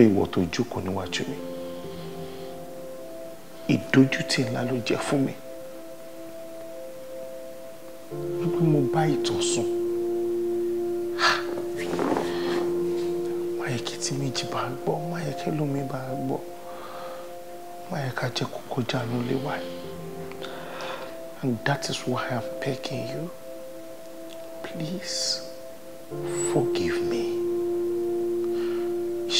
tó ìwọ tó jókòó níwájú mi ìdójútì ńlá ló jẹ́ fún mi wípé mo bá ìtàn sùn tí méjì bá gbọ́ máa lómi bá gbọ́ máa yẹ ká jẹ́ kó and that is why I am begging you please forgive me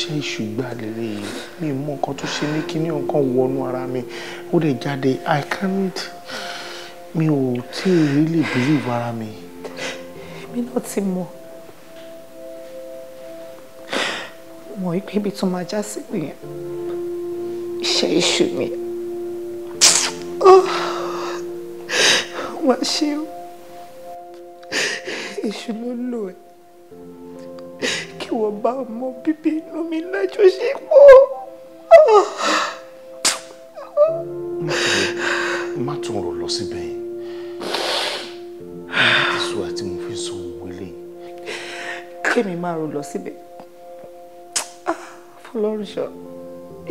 iṣẹ́ ìṣùgbà lèrè yìí mi mọ nǹkan tó ṣe mí kíní nǹkan wọnú ara mi ó lè jáde i can't mi ò tí ì rí lè believe ara mi. èmi náà ti mọ̀ mọ̀ wípé ibi tó máa já sí nìyẹn iṣẹ́ ìṣù mi wá oh, ṣe o èṣù ló lò ẹ́ níwọ̀n bá ọmọ bíbí inú mi lájọṣepọ̀. má tún rò lọ síbẹ̀ yìí láti sọ àti mo fi sọ òwe lè. kémi máa rò lọ síbẹ̀ ah, fọlọ́runṣọ́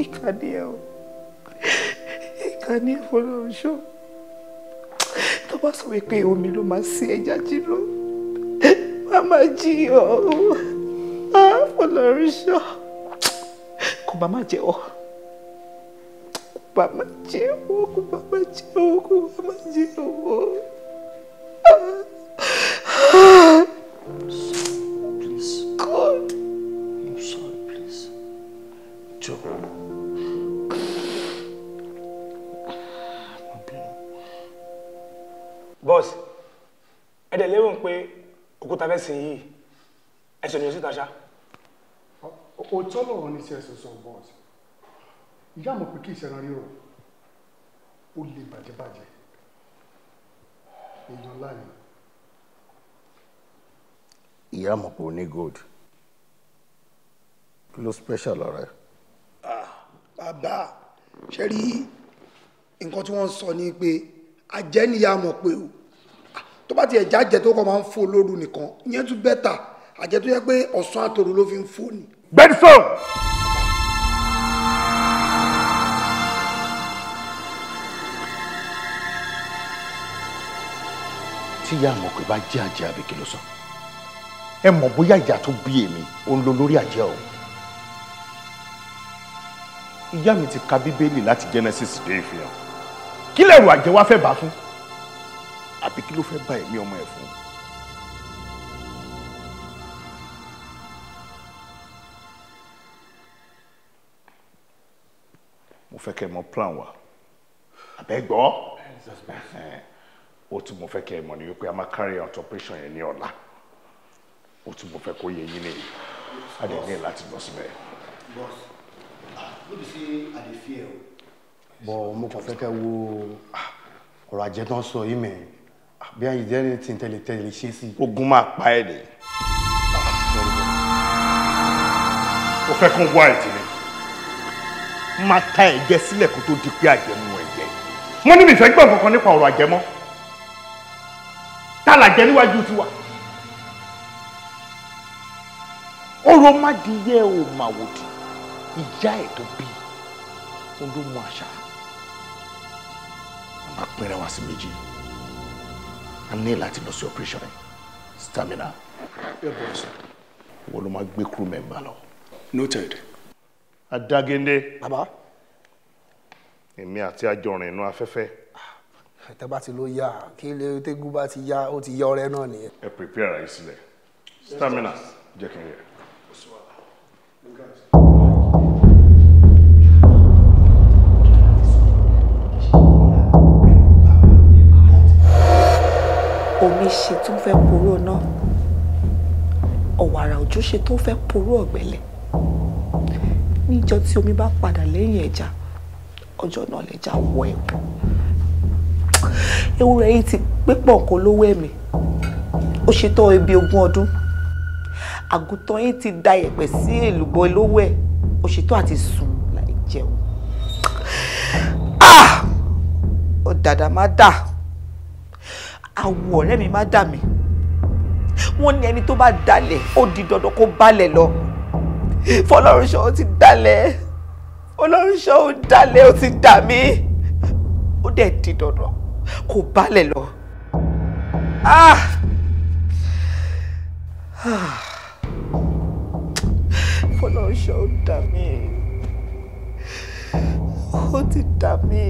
ìkànnì ẹ̀ o ìkànnì fọlọ́runṣọ́ tó bá sọ wípé omi ló máa ṣe ẹja ọlọ́rìṣà kò dẹ̀ lérò pé òkúta fẹ́ sìn yìí ẹ ṣèlú síta ṣáá. òótọ́ lọ̀rọ̀ ní ti ẹ̀sùn sàn bọ́ọ̀t ìyá mọ̀ pé kí ìṣẹ̀ran ríro ó lè bàjẹ́bàjẹ́ èèyàn láàyè. ìyá mọ̀ pé ó ní gold kí ló special ọ̀rẹ́. Ah, bàbá ṣe rí nǹkan tí wọ́n sọ ni pé àjẹ́ níyà mọ̀ pé o ah, tó bá tiẹ̀ jájẹ tó kọ́ máa ń fò lóru nìkan ìyẹn tún bẹ́tà àjẹ́ tó yẹ pé ọ̀sán àtòrò ló fi ń fò ni. gbẹ́dísọ̀. tí ìyá àmọ̀ pé bá jẹ́ àjẹ́ àbí kí ló sọ ẹ mọ̀ bóyá ìyá tó bí èmi ò ń lo lórí àjẹ́ o. ìyá mi ti ka bíbélì láti Genesis dé ìfihàn kí lẹ̀rù àjẹ́ wá fẹ́ bá fún àbí kí ló fẹ́ bá ẹ̀mí ọmọ ẹ̀ fún. fẹ́ kẹ́ ẹ mọ plan wa àbẹ́gbọ́ ó tún mo fẹ́ kẹ́ ẹ mọ̀ ní wípé a máa carry out operation yẹn ní ọ̀la ó tún mo fẹ́ kó yẹ yín nìyí a dẹ̀ ní láti lọ síbẹ̀. bọ́s níbi ah, sí àdèfí ẹ̀ o. bọ́ mo kàn fẹ́ kẹ́ wo ah, ọ̀rọ̀ àjẹ́ tó ń sọ yìí mẹ́ ah, bí ayé dẹ́rẹ́ ti ń tẹ̀lé tẹ̀lé ṣe sí. ogun máa pa ẹ̀ dẹ̀. o fẹ́ kó wá ìtìlẹ̀ máa ta ẹ̀jẹ̀ sílẹ̀ kó tó di pé àjẹmú ẹ̀jẹ̀ wọ́n ní mi fẹ́ gbọ́ nǹkan kan nípa ọ̀rọ̀ àjẹmọ́ tá làjẹ níwájú tiwa ọ̀rọ̀ má di o màwòdì ìyá ẹ̀ tó bí òun ló àṣà a máa pínra wá sí méjì a ní láti lọ sí operation stamina. ẹ bọ̀ ẹ sọ. wọ́n ló máa gbé crew member lọ. noted adagende. bàbá. èmi àti àjọrìn inú afẹ́fẹ́. tẹ́ bá ti ló yá kí ilé tégún bá ti yá ó ti yá ọ̀rẹ́ náà nìyẹn. ẹ prepare ara yín sílẹ̀ stamina jẹ́ kí n yẹ. omi ṣe tó fẹ́ poró náà ọ̀wàrà òjò ṣe tó fẹ́ poró ọ̀gbẹ́lẹ̀ níjọ́ tí omi bá padà lẹ́yìn ẹja ọjọ́ náà lẹ́jà wọ ẹ̀wọ̀n ewúrẹ́ yìí ti pé pọ̀nkó lówó ẹ̀mí ó ṣetán ibi ogún ọdún àgùntàn yìí ti da yẹ̀pẹ̀ sí èlùbọ́ lówó ẹ̀ ó ṣetán àti sùn láì jẹun ah! ó dàdà má dà àwọ̀ ọ̀rẹ́ mi má dà mí wọ́n ní ẹni tó bá dalẹ̀ ó di dandan kó balẹ̀ lọ fọlọ́runṣọ́ ó ti dalẹ̀ fọlọ́runṣọ́ ó dalẹ̀ ó ti dà mí ó dẹ̀ di dandan kò balẹ̀ lọ. Ah! Ah! fọlọ́runṣọ́ ó dà mí ó ti dà mí.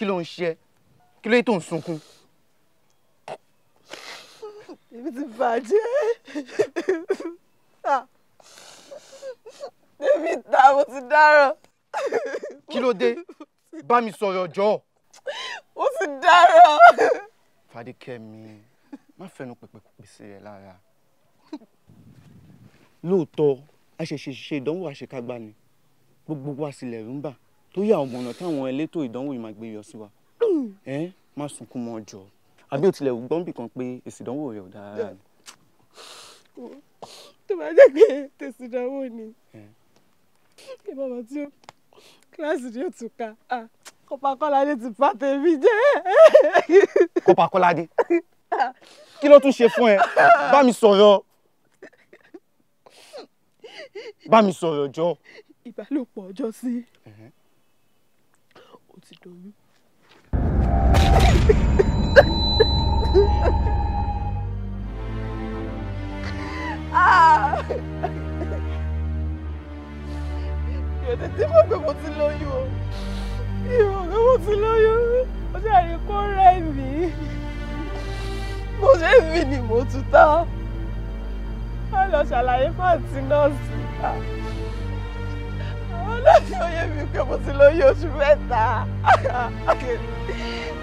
kí ló ń ṣe ẹ́ kí ló yẹ tó ń sunkún. èmi ti bàjẹ́ ah. èmi ta mo ti dáràn. kí ló dé bá mi sọ̀rọ̀ jọ̀ọ́. mo ti dáràn. fadékẹ́mi má fẹnu pèpèpè sí rẹ lára. lóòótọ́ a ṣẹ̀ṣẹ̀ ṣe ìdánwò àṣekágbá ni gbogbo wa rúmbà tó yà ọmọ ọ̀nà táwọn elétò ìdánwò yìí máa gbé yọ sí wa hmm. ẹ má sunkún mọ́ jọ àbí o tilẹ̀ gbọ́n bìkan pé èsì ìdánwò rẹ̀ ò dára ni. tó bá jẹ́ pé tèsì ìdánwò ni kí bàbá tí ó kíláàsì ni ó tún ka kópakọ́ládé ti bá tèmi jẹ́. kópakọ́ládé kí ló tún ṣe fún ẹ bá mi sọ̀rọ̀ bá mi sọ̀rọ̀ jọ. ìbálòpọ̀ ọjọ́ sí. Uh-huh ti doyún. Yòdè tí mo pè mo ti lóyún o. Ìwọ̀n pé mo ti lóyún. Mo ṣàrí kó rẹ̀ mí. Mo ṣe ń fi ni mo tún tán. Wọ́n lọ ṣàlàyé fún àǹtí nọ́ọ̀sì ọlọ́sí oyè mi pé mo ti lóyún oṣù mẹ́ta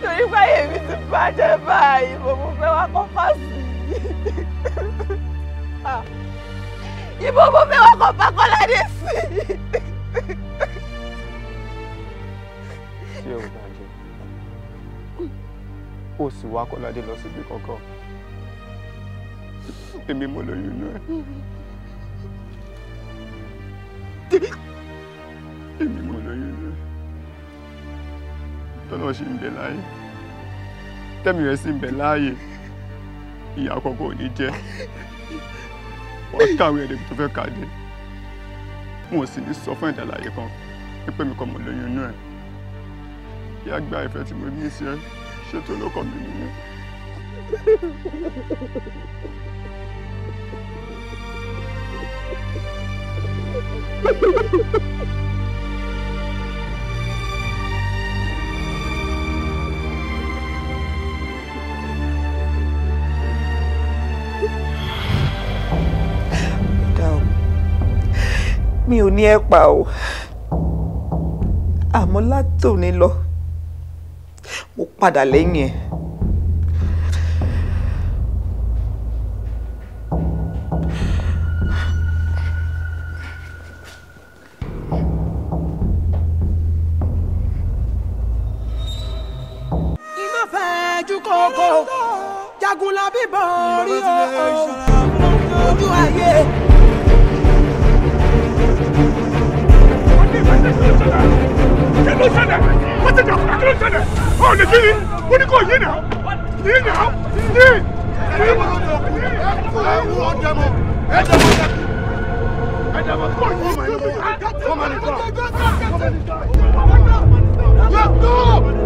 torí báyìí mi ti bàjẹ́ báyìí mo mú fẹ́ wá kọ́ fásitì ìbò mo fẹ́ wá kọ́ pákọ́ládé sí i. ṣé o bàjẹ́ o sì wá kọ́ládé lọ síbi kankan èmi mo lóyún inú ẹ èmi mo lóyún náà tọ́nà ṣì ń bẹ láàyè tẹ́mi rẹ̀ sì ń bẹ láàyè ìyá àkọ́kọ́ ò ní jẹ́ wọ́n kàwé ẹ̀rẹ́bí tó fẹ́ kàdé wọn ò sì ní sọ fún ẹ̀dá láàyè kan pípẹ́ mi kan mo lóyún inú ẹ̀ ìyá gba ìfẹ́ tí mo ní sí ẹ ṣètò olókọ́ mi nìyẹn. Ha ha ha ha! mi ò ní ẹ pa o àmọ́ látòní lọ mo padà lẹ́yìn ẹ̀. jà kí ló ṣẹlẹ̀ ó ní kí ni ó ní kò yí nà yí nà yí. ẹ wọ ọjà mọ ẹ jẹ mọ jà ẹ jẹ mọ kò yí. ọmọ ní kọ́ ọmọ ní kọ́ ọmọ ní kọ́.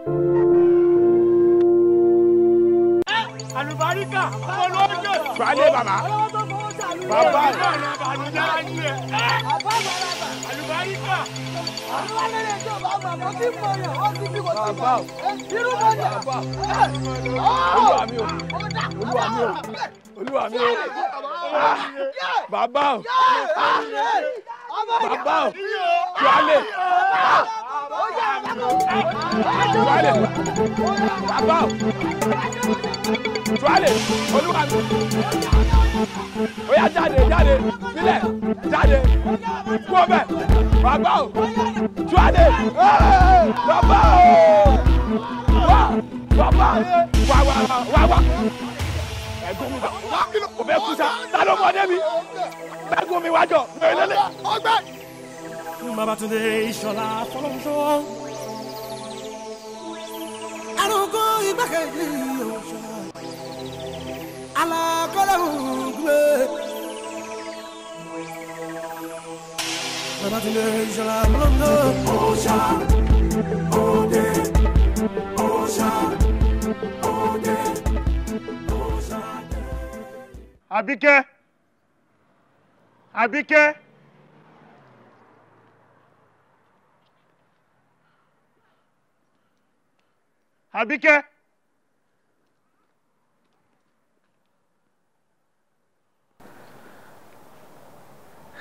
Baba, olóòjò. Balẹ̀ bàbá. Bàbá náà ni àbànújá ni ẹ. Bàbá bàbá. Àlùbáríkà. Àlùbá lẹ́lẹ̀ tó bá bàbá tí mo rẹ̀ ọ́ ti bí mo ti bá. Irú mo rẹ̀. Olúwa mi o. Baba, mi o. Olúwa mi o. Bàbá o. Bàbá o. Balẹ̀ tuwale bàbá o tuwale olúwa mi ó yá jáde jáde sílẹ̀ jáde kú ọbẹ̀ bàbá o tuwale bàbá o wá bàbá wá wá wá wá ẹ̀gbọ́n mi wá kò fẹ́ kú sa ta ló mọ ọdẹ mi ẹ̀gbọ́n mi wájọ mi ò lélẹ̀. Babatunde Ìṣọ̀lá Fọlọ́nṣọ́ arúgbó igbákejì òòṣà alákọ̀ọ́lẹ̀ ògùnbé. bàbá ti lè ṣọlá lọ́nà. òòṣà òde òòṣà òde òòṣà. àbíkẹ́ àbíkẹ́. Àbíkẹ́.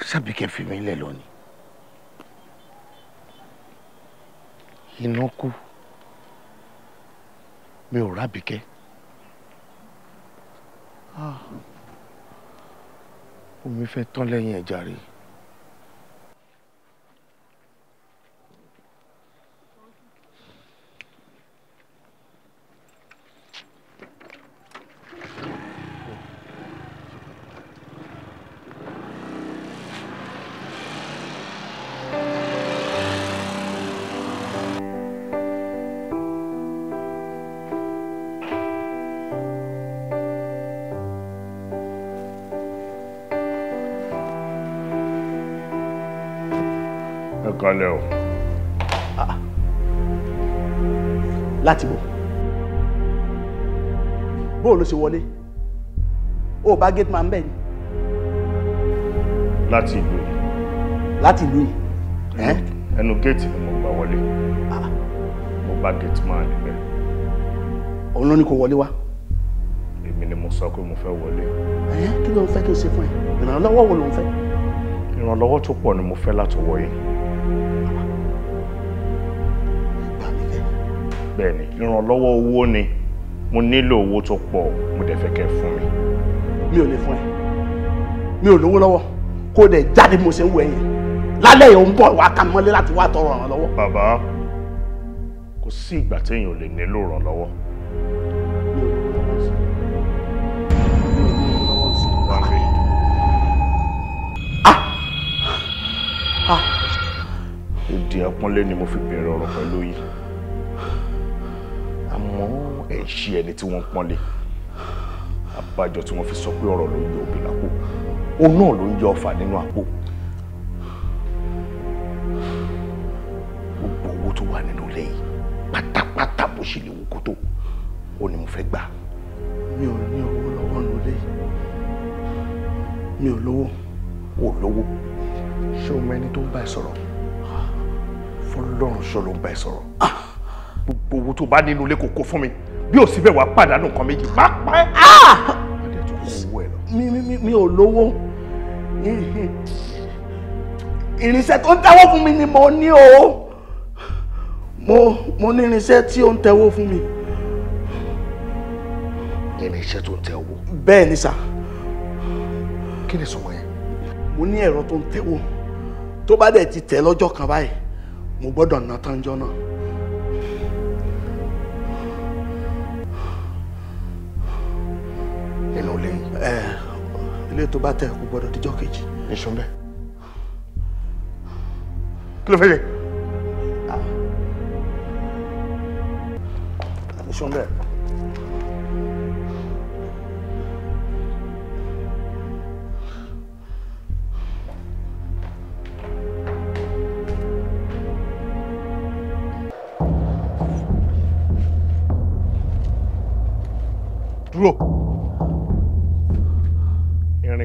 sábìkẹ́ fi mí lẹ̀ lónìí iná kú mi ò rábìkẹ́ ah. omi fẹ́ tán lẹ́yìn ẹ̀jà rèé. kanlẹ̀ o. Ah. láti bò bó ló ṣe wọlé o bá gate man bẹ́ẹ̀ ni. láti ìlú yìí. láti ìlú yìí. ẹnu géètì ni mo gbà wọlé ah. mo bá gate man níbẹ̀. òun ló ní kó wọlé wá. èmi ni mo sọ pé mo fẹ́ wọlé. kí ló ń fẹ́ kí n ṣe fún ẹ ìrànlọ́wọ́ wo ló ń fẹ́. ìrànlọ́wọ́ tó pọ̀ ni mo fẹ́ látọwọ́ yìí. bẹ́ẹ̀ ni ìrànlọ́wọ́ owó ni mo nílò owó tó pọ̀ mo dẹ̀ fẹ́ kẹ́ fún mi. mi ò lè fún ẹ mi ò lówó lọ́wọ́ kó dẹ̀ jáde mo ṣe ń wẹ̀ yẹn lálẹ́ yẹn ń bọ̀ wá ká láti wá tọrọ ìrànlọ́wọ́. bàbá kò sí ìgbà téèyàn ò lè nílò ìrànlọ́wọ́. èdè ah! ah! àpọ́nlé ni mo fi bẹ̀rẹ̀ ọ̀rọ̀ pẹ̀lú yìí ṣí ẹni tí wọ́n ń pọ́nlé àbájọ tí wọ́n fi sọ pé ọ̀rọ̀ ló ń yọ òbí lápò òun náà ló ń yọ ọfà nínú àpò gbogbo owó tó wà nínú ilé yìí pátápátá bó ṣe lè wò kó tó ó ní mo fẹ́ gbà. mi ò ní owó lọ́wọ́ nínú ilé yìí mi ò lówó. ò lówó ṣé o mọ ẹni tó ń bá ẹ sọ̀rọ̀ ah. fọlọ́run ṣọ́ ló ń bá ẹ sọ̀rọ̀ ah. gbogbo owó tó bá nínú ilé kò kó fún mi bí o sì bẹ̀ wá pàdánù nǹkan méjì má pa ẹ́. Ah! mi mi mi ò lówó irinṣẹ́ tó ń tẹ́wọ́ fún mi ni mo ní o mo mo ní irinṣẹ́ tí ó ń tẹ́wọ́ fún mi. irinṣẹ́ tó ń tẹ́wọ́. bẹ́ẹ̀ ni sà. kí ni sọmọ yẹn. mo ní ẹ̀rọ tó ń tẹ́wọ́ tó bá dẹ̀ ti tẹ̀ lọ́jọ́ kan báyìí mo gbọ́dọ̀ ná tán náà. É, ilé mi. ẹ ilé tó bá tẹ kò o díjọ́ kejì. nìṣó bẹ́ẹ̀ kí ló fẹ́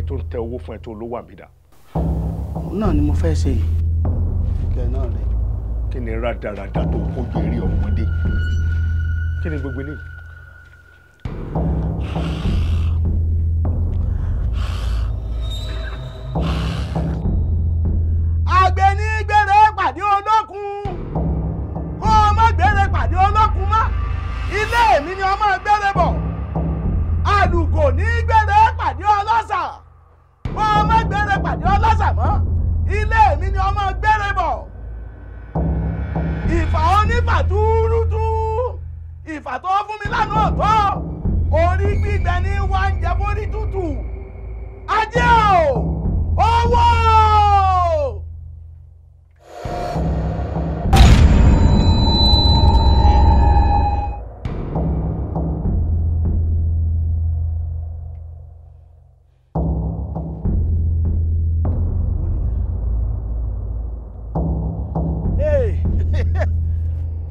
tó ń tẹ owó fún ẹ tó lówó àbídà. òun náà ni mo fẹ́ ṣe yìí kẹ náà rẹ. kí ni rádaràda tó kójú eré ọmọdé kí ni gbogbo eléyìí.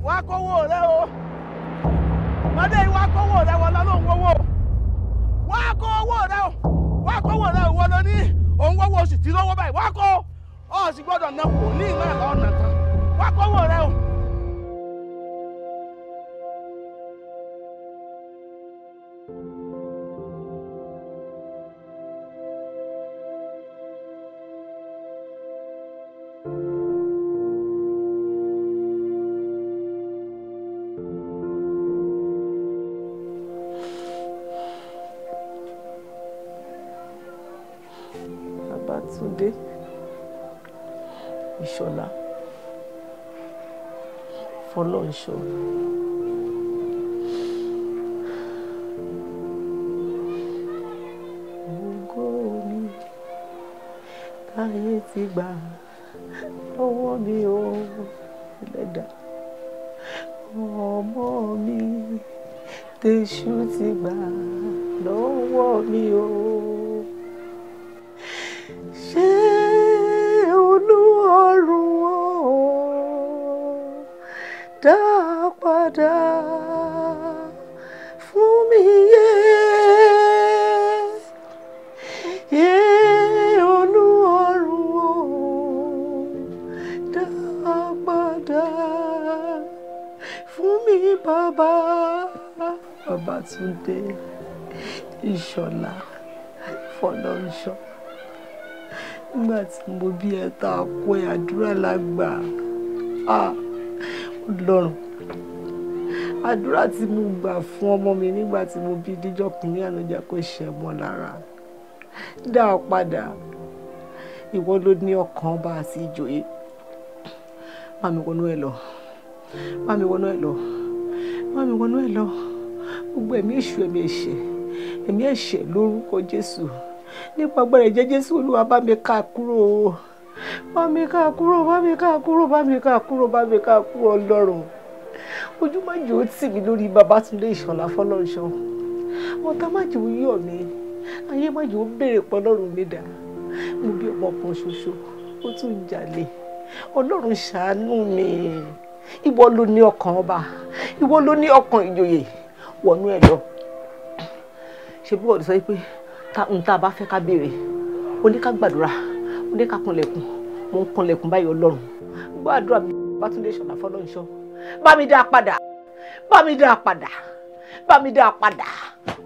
wá kówó rẹ o mọdé wá kówó rẹ wọn lọ́nà òun wọ́wọ́ wá kówó rẹ o wá kówó rẹ òun lọ ní òun wọ́wọ́ oṣù tí lọ́wọ́ báyìí wá kó ọ̀sìn gbọ́dọ̀ náà kò ní ìmọ̀ ọ̀nà tán wá kówó rẹ o. show. Túndé Ìṣọ̀lá Fọlọ́nṣọ́ nígbà tí mo bí ẹ tá a kó ẹ àdúrà lágbà Ọlọ́run àdúrà tí mo gbà fún ọmọ mi nígbà tí mo bí díjọ́ kìnínní ànájà kò ṣẹ mọ́ lára dá ọ padà ìwọ ló ní ọkàn bá a sí ìjòyè má mi wọnú ẹ lọ má mi wọnú ẹ lọ má mi wọnú ẹ lọ gbogbo ẹ̀mí èṣù ẹ̀mí ẹ̀ṣẹ̀ ẹ̀mí ẹ̀ṣẹ̀ lórúkọ Jésù nípa agbára ẹ̀jẹ̀ Jésù Olúwa bá mi ká kúrò bá mi ká kúrò bá mi ká kúrò bá mi ká kúrò bá mi ká kúrò Ọlọ́run ojú má jò ó tì mí lórí Babátúndé Ìṣọ̀lá Fọlọ́runṣọ́ ọ̀tá má jò ó yọ̀ mí ayé má jò ó béèrè pọ̀ Ọlọ́run mi dà mo bí ọmọ kan ṣoṣo ó tún jalè Ọlọ́run ṣàánú mi ìwọ ló ní ọkàn ọba ìwọ ló ní ọkàn ìjòyè wọnú ẹ̀ lọ ṣe bí wọ́n sọ pé n tá a bá fẹ́ ká béèrè ó ní ká gbàdúrà ó ní ká kanlẹ̀kùn mo ń kanlẹ̀kùn báyìí ọlọ́run gbàdúrà mi bá tún lè ṣọ̀nà fọlọ́nṣọ́ bá mi dá a padà bá mi dá a padà bá mi dá a padà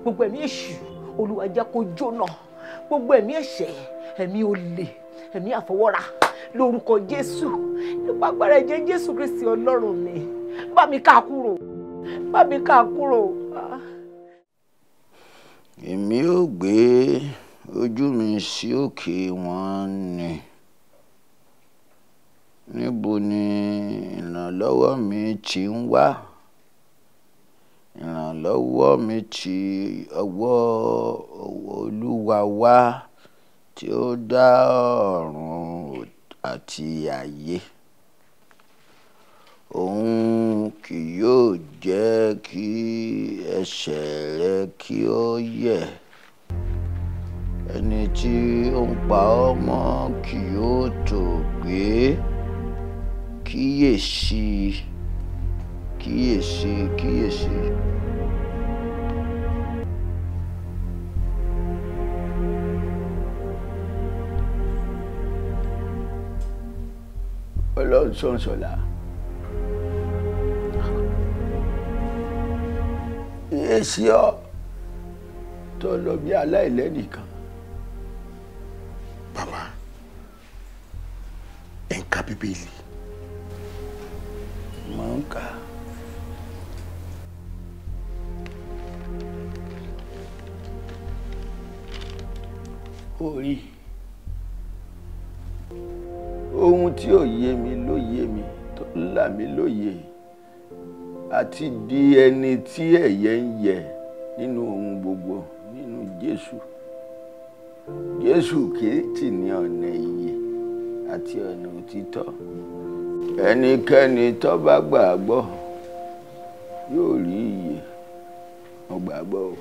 gbogbo ẹ̀mí èṣù olúwa jẹ́ kó jóná gbogbo ẹ̀mí ẹ̀ṣẹ̀ ẹ̀mí olè ẹ̀mí àfọwọ́ra lórúkọ jésù nípa agbára ẹ̀jẹ̀ jésù kristi ọlọ́run mi bá mi ká kúrò má bí ká kúrò. èmi ò gbé ojú mi sí òkè wọn ni níbo ni ìrànlọ́wọ́ mi ti ń wá ìrànlọ́wọ́ mi ti ọwọ́ olúwa wá tí ó dá ọ̀run àti ayé òun kì yóò jẹ́ kí ẹsẹ̀ rẹ kí ó yẹ̀ ẹni tí ó ń pa ọ́ mọ́ kì yóò tó gbé kíyèsí kíyèsí kíyèsí. ọlọ́run tó ń So èsì ọ tó lọ bí aláìlẹ́nìkan. bàbá ẹ̀ ń ka bíbélì. mo ń kà á. orí ohun tí ò yé mi ló yé mi tó là mí lóye àti di ẹni tí ẹ̀yẹ ń yẹ nínú ohun gbogbo nínú Jésù Jésù kìrìtì ní ọ̀nà ìyè àti ọ̀nà òtítọ́ ẹnikẹ́ni tó bá gbàgbọ́ yóò rí ìyè mo gbàgbọ́ o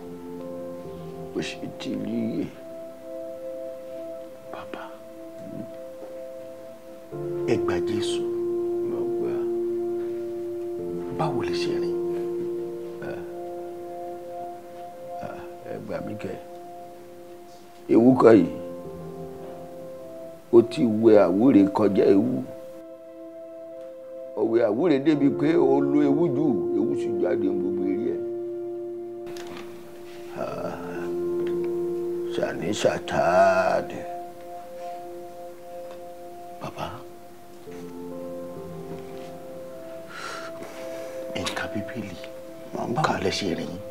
ó sì ti rí ìyè bàbá ẹ gba Jésù báwo lè ṣe rìn ẹ gbà mí kẹ ewu kan yìí ó ti wẹ àwúre kọjá ewu ọ̀wẹ̀ àwúre débi pé ó lo ewu jù ewu sì jáde gbogbo eré ẹ sani satade baba. bíbélì máa ń kà lẹ́sẹ̀ rẹ̀ yín.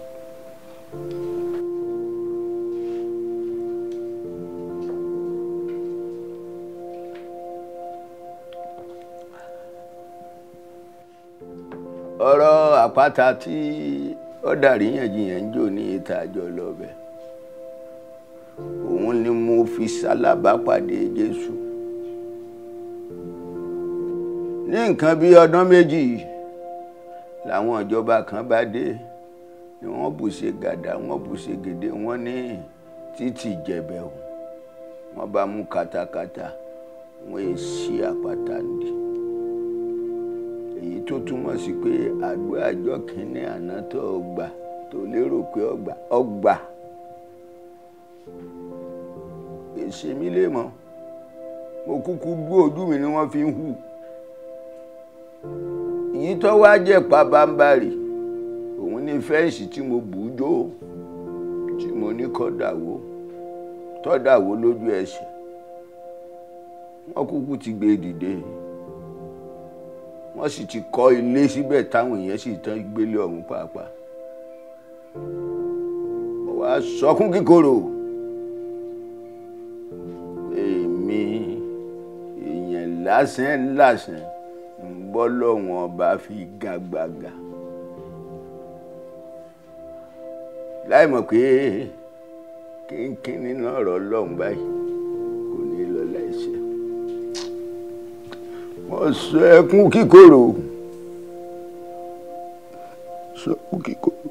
ọ̀rọ̀ àpáta tí ó dàrí yànjiyàn ń jò ní ìta àjọ lọ́bẹ̀ òun ni mo fi ṣalábàápàdé Jésù ní nǹkan bíi ọdún méjì yìí làwọn ìjọba kan bá dé ni wọ́n bù ṣe gàdà wọ́n bù ṣe gèdè wọ́n ní títì jẹ̀bẹ̀ o wọ́n bá mú katakata wọ́n yẹ sí àpáta nìdí èyí tó túmọ̀ sí pé àdúrà àjọ kìíní àná tó ọgbà tó lérò pé ọgbà ọgbà èsì mi lè mọ̀ mo kúkú gbó ojú mi ni wọ́n fi ń hù èyí tó wá jẹ́ pabambarì òun ní fẹ́ǹsì tí mo bù ú jò tí mo ní kó dàwó tó dàwó lójú ẹsẹ̀ wọ́n kúkú ti gbé e dìde wọ́n sì ti kọ́ ilé síbẹ̀ táwọn èèyàn sì tán gbélé ọ̀hún pàápàá mo wá sọkún kíkorò èmi èèyàn lásán lásán bọ́lọ́wọ́n ọba fi gàgbàgà láì mọ̀ pé kínkín nínú ọ̀rọ̀ ọlọ́run báyìí kò ní lọ láìṣẹ́ wọ́n sọ ẹkún kíkorò sọ ẹkún kíkorò.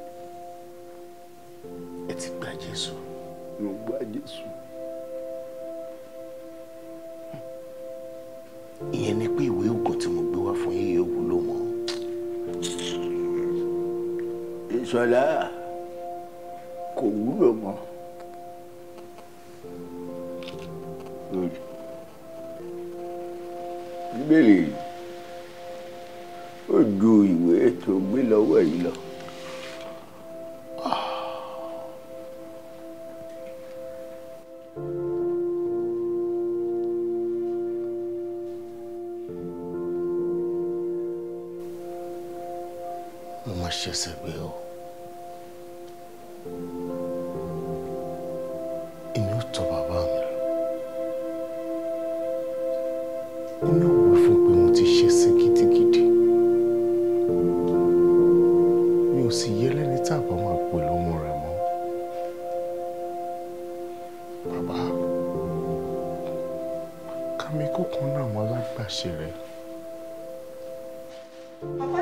ò sì yẹ lẹ́ni tá a bá máa pè lọ́mọ rẹ̀ mọ́. bàbá kámi kókan náà wọn lágbàṣe rẹ̀. bàbá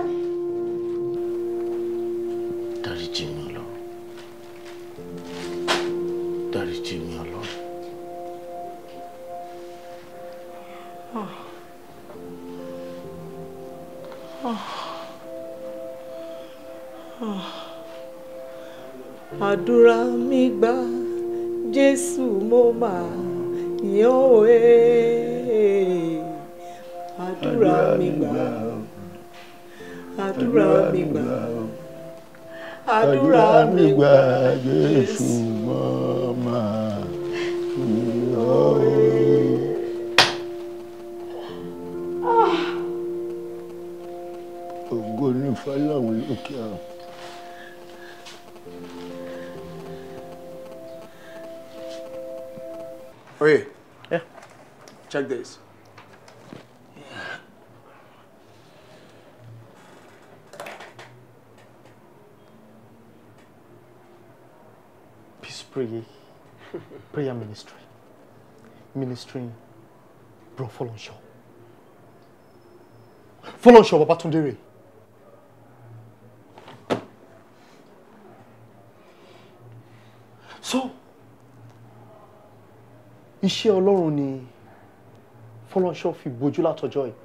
àdúrà mi gbà jésù mo mà yàn ọ́ ẹ́ àdúrà mi gbà àdúrà mi gbà àdúrà mi gbà jésù mo mà yàn ọ́ ẹ́. Ah. ògo ni fọlọ́run lókè ọ̀run. Check this. Peace prayer, prayer ministry, ministering bro on on show. Folonsho. Folonsho Babatundere. So, iṣẹ́ Ọlọ́run ni fọlọ́nṣọ́ fi gbojú látọjọ́ yìí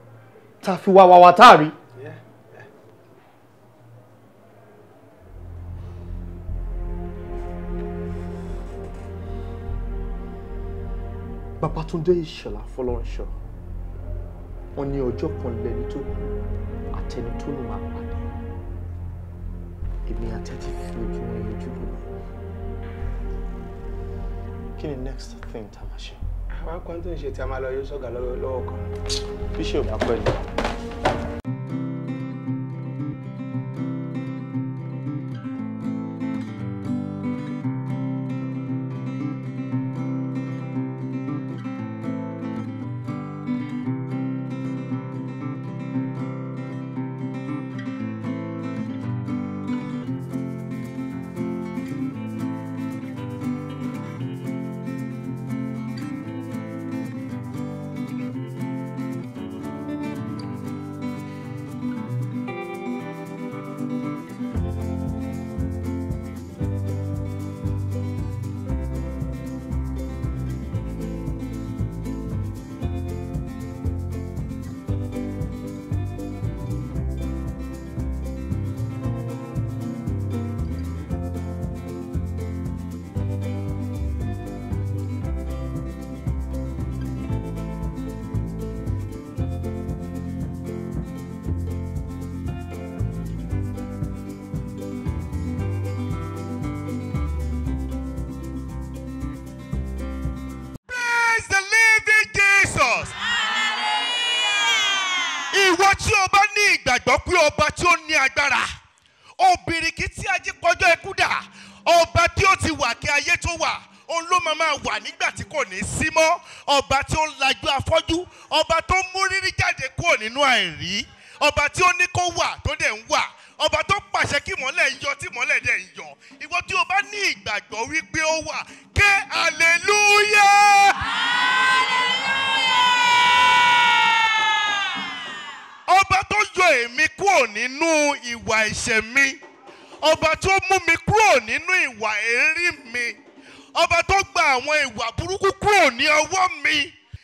tá a fi wá wá wá tá a rí. Babátúndé Ìṣọ̀lá Fọlọ́runṣọ́ wọn ni ọjọ́ kan lẹni tó kú àtẹni tó lù máa pàdé èmi àtẹ́tí fi ojú wọn yọjú lù kí ni next thing tá máa ṣe pàápàá tó ń ṣe tí a máa lọ yóò sọ̀gà lọ́wọ́ kan. bíṣọ̀ bá pẹ̀lú.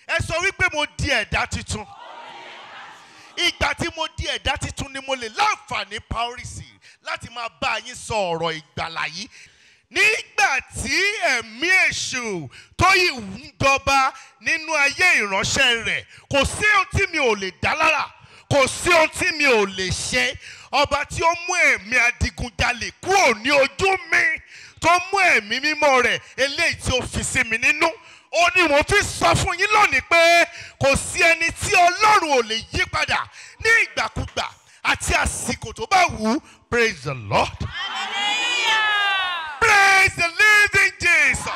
ẹ sọ wípé mo di ẹ̀dá tuntun ìgbà tí mo di ẹ̀dá tuntun ni mo lè láǹfààní paorisi láti máa bá yín sọ ọ̀rọ̀ ìgbàlà yìí nígbà tí ẹ̀mí èṣù tó yìí ń dọba nínú ayé ìránṣẹ́ rẹ̀ kò sí ohun tí mi ò lè dá lára kò sí ohun tí mi ò lè ṣe ọba tí ó mú ẹ̀mí adigunjalè kúrò ní ojú mi tó mú ẹ̀mí mímọ́ rẹ̀ eléyìí tí ó fi sí mi nínú. No? ó ní mò ń fi sọ fún yín lónìí pé kò sí ẹni tí ọlọ́run ò lè yí padà ní ìgbàkúgbà àti àsìkò tó bá wù ú praise the lord. praise the living jesus.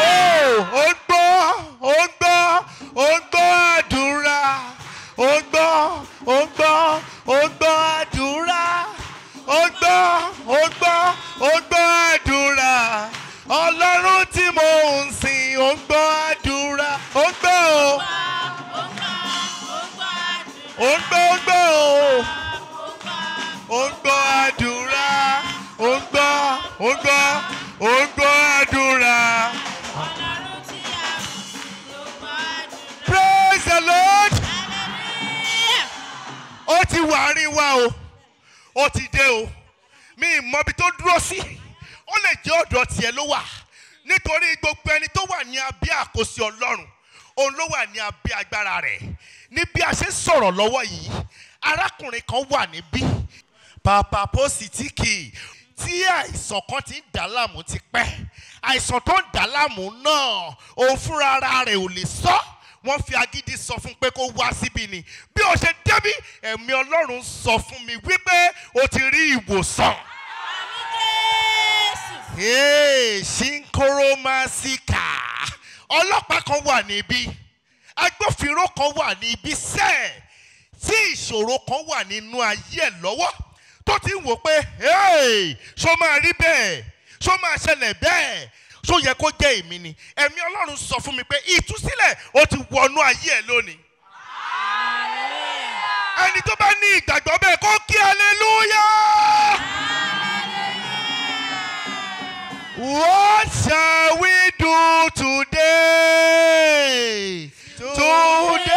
oh ó ń gbọ́ ó gbọ́ ó gbọ́. ó ń gbọ́ àdúrà ó ń Praise the Lord. ó ti wà àárín wa o ó ti dé o mi ì mọbi tó dúró sí ó lè jẹ́ ọ̀dọ̀ tiẹ̀ ló wà nítorí gbogbo ẹni tó wà ní abẹ́ àkóso ọlọ́run òun ló lọ́wọ́ yìí arákùnrin kan wà níbí bàbá Positiki tí àìsàn kan ti ń dà láàmú ti pẹ́ àìsàn tó ń dà láàmú náà òun fúnra ara rẹ̀ ò lè sọ wọ́n fi agídí sọ fún pé kó wá síbi ni bí o ṣe débí ẹ̀mí Ọlọ́run sọ fún mi wípé o ti rí ìwòsàn. ṣínkórómásíkà ọlọ́pàá kan wà níbí agbófinró kan wà níbí sẹ́ẹ̀ tí ìṣòro kan wà nínú ayé ẹ̀ lọ́wọ́ tó ti ń wò pé ṣó máa rí bẹ́ẹ̀ ṣó máa ṣẹlẹ̀ bẹ́ẹ̀ ṣó yẹ kó jẹ́ èmi ni ẹ̀mí ọlọ́run sọ fún mi pé ìtúsílẹ̀ ó ti wọnú ayé ẹ̀ lónìí. ẹni tó bá ní ìgbàgbọ́ bẹ́ẹ̀ kó kí aleluya. What shall we do today? Today.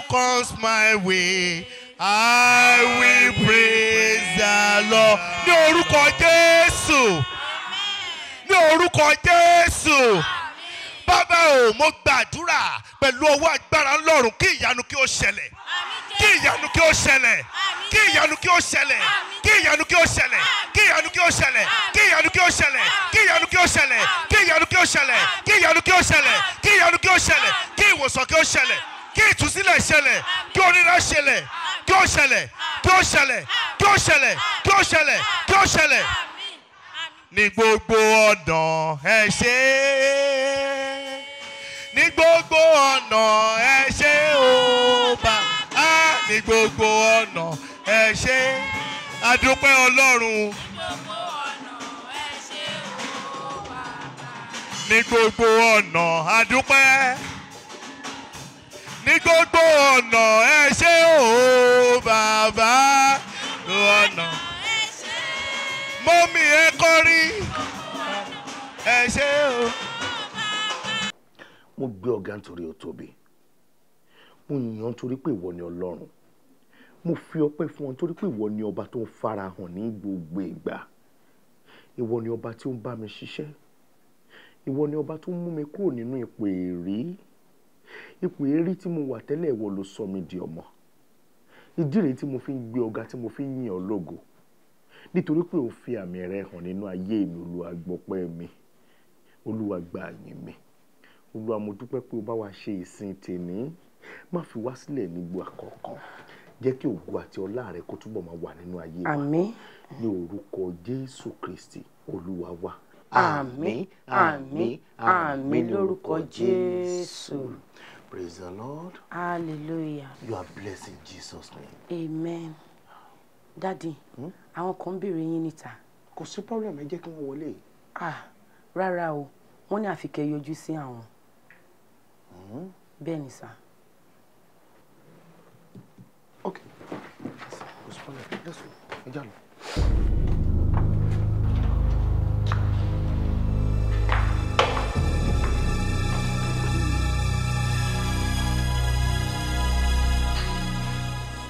trouble comes my way I will praise the Lord. Ní orúkọ Jésù. Ní orúkọ Jésù. Bàbá o, mo gbàdúrà pẹ̀lú ọwọ́ agbára Ọlọ́run kí ìyanu kí ó ṣẹlẹ̀. Kí ìyanu kí ó ṣẹlẹ̀. Kí ìyanu kí ó ṣẹlẹ̀. Kí ìyanu kí ó ṣẹlẹ̀. Kí ìyanu kí ó ṣẹlẹ̀. Kí ìyanu kí ó ṣẹlẹ̀. Kí ìyanu kí ó ṣẹlẹ̀. Kí ìyanu kí ó ṣẹlẹ̀. Kí ìyanu kí ó ṣẹlẹ̀. Kí ìyanu kí ó ṣẹlẹ̀. Kí ìwòsàn kí ó ṣẹlẹ̀ kí ìtúsílẹ̀ ṣẹlẹ̀ kí oríra ṣẹlẹ̀ kí ó ṣẹlẹ̀ kí ó ṣẹlẹ̀ kí ó ṣẹlẹ̀ kí ó ṣẹlẹ̀ kí ó ṣẹlẹ̀ ní gbogbo ọ̀nà ẹ ṣe é ní gbogbo ọ̀nà ẹ ṣe ó bá a ní gbogbo ọ̀nà ẹ ṣe adúpẹ́ ọlọ́run. ní gbogbo ọ̀nà adúpẹ́ ní gbogbo ọ̀nà ẹ ṣé o bàbá ọ̀nà mọ́mí ẹ kọrí ẹ ṣé o. mo gbé ọ̀gá nítorí o tóbi mo yìn ọ́ nítorí pé ìwọ ni ọlọ́run mo fi ọpẹ́ fún ọ nítorí pé ìwọ ni ọba tó ń farahàn ní gbogbo ìgbà ìwọ ni ọba tí ó ń bá mi ṣiṣẹ́ ìwọ ni ọba tó ń mú mi kúrò nínú ipò èrí ipò erí tí mo wà tẹ́lẹ̀ ìwọ ló sọ mi di ọmọ ìdí rèé tí mo fi ń gbé ọ̀gá tí mo fi ń yìn ọ́ lógo nítorí pé òun fi àmì rẹ hàn nínú ayé mi olúwa gbọpẹ́ mi olúwa gba àyìn mi olúwa mo dúpẹ́ pé o bá wa ṣe ìsìn tèmi má fi wá sílẹ̀ nígbà kankan jẹ́ kí ògo àti ọlá rẹ kó túbọ̀ máa wà nínú ayé wa àmín ní orúkọ jésù kristi olúwa wa àmín àmín àmín lórúkọ jésù. praise the lord. hallelujah. you are blessing jesus name. amen. dadi hmm? àwọn kan ń béèrè yín níta. kò sí problem ẹ jẹ́ kí wọ́n wọlé. ah rárá o wọ́n ní àfikẹ́ yọjú sí àwọn. Hmm? bẹ́ẹ̀ ni sà. ok kò sí problem ẹ jẹ́